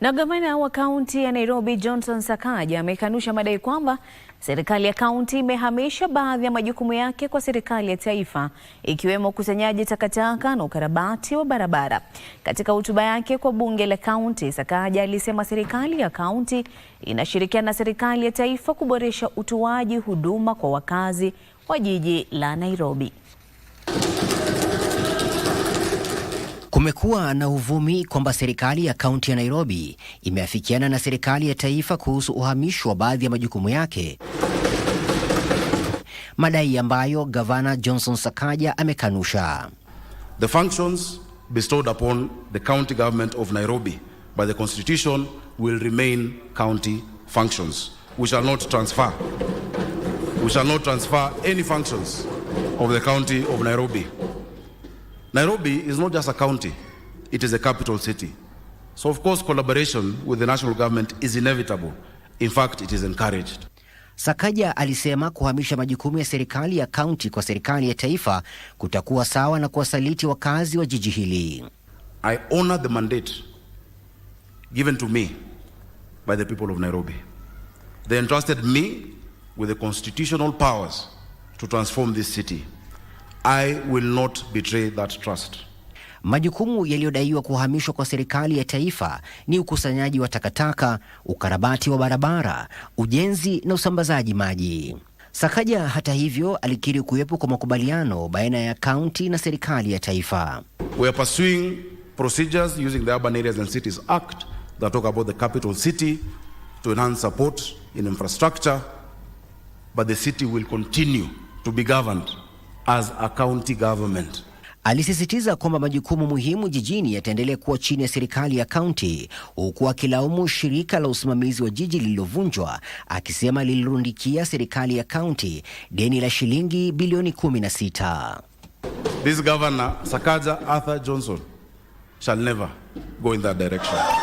Na gavana wa kaunti ya Nairobi Johnson Sakaja amekanusha madai kwamba serikali ya kaunti imehamisha baadhi ya majukumu yake kwa serikali ya taifa ikiwemo ukusanyaji takataka na ukarabati wa barabara. Katika hotuba yake kwa bunge la kaunti, Sakaja alisema serikali ya kaunti inashirikiana na serikali ya taifa kuboresha utoaji huduma kwa wakazi wa jiji la Nairobi. Kumekuwa na uvumi kwamba serikali ya kaunti ya Nairobi imeafikiana na serikali ya taifa kuhusu uhamisho wa baadhi ya majukumu yake, madai ambayo gavana Johnson Sakaja amekanusha. The functions bestowed upon the county government of Nairobi by the constitution will remain county functions. We shall not transfer. We shall not transfer any functions of the county of Nairobi Nairobi is not just a county, it is a capital city. So of course collaboration with the national government is inevitable. In fact, it is encouraged. Sakaja alisema kuhamisha majukumu ya serikali ya kaunti kwa serikali ya taifa kutakuwa sawa na kuwasaliti wakazi wa jiji hili. I honor the mandate given to me by the people of Nairobi. They entrusted me with the constitutional powers to transform this city. I will not betray that trust. Majukumu yaliyodaiwa kuhamishwa kwa serikali ya taifa ni ukusanyaji wa takataka, ukarabati wa barabara, ujenzi na usambazaji maji. Sakaja hata hivyo alikiri kuwepo kwa makubaliano baina ya kaunti na serikali ya taifa. We are pursuing procedures using the Urban Areas and Cities Act that talk about the capital city to enhance support in infrastructure but the city will continue to be governed as a county government. Alisisitiza kwamba majukumu muhimu jijini yataendelea kuwa chini ya serikali ya kaunti, huku akilaumu shirika la usimamizi wa jiji lililovunjwa, akisema lilirundikia serikali ya kaunti deni la shilingi bilioni 16. This governor Sakaja Arthur Johnson shall never go in that direction.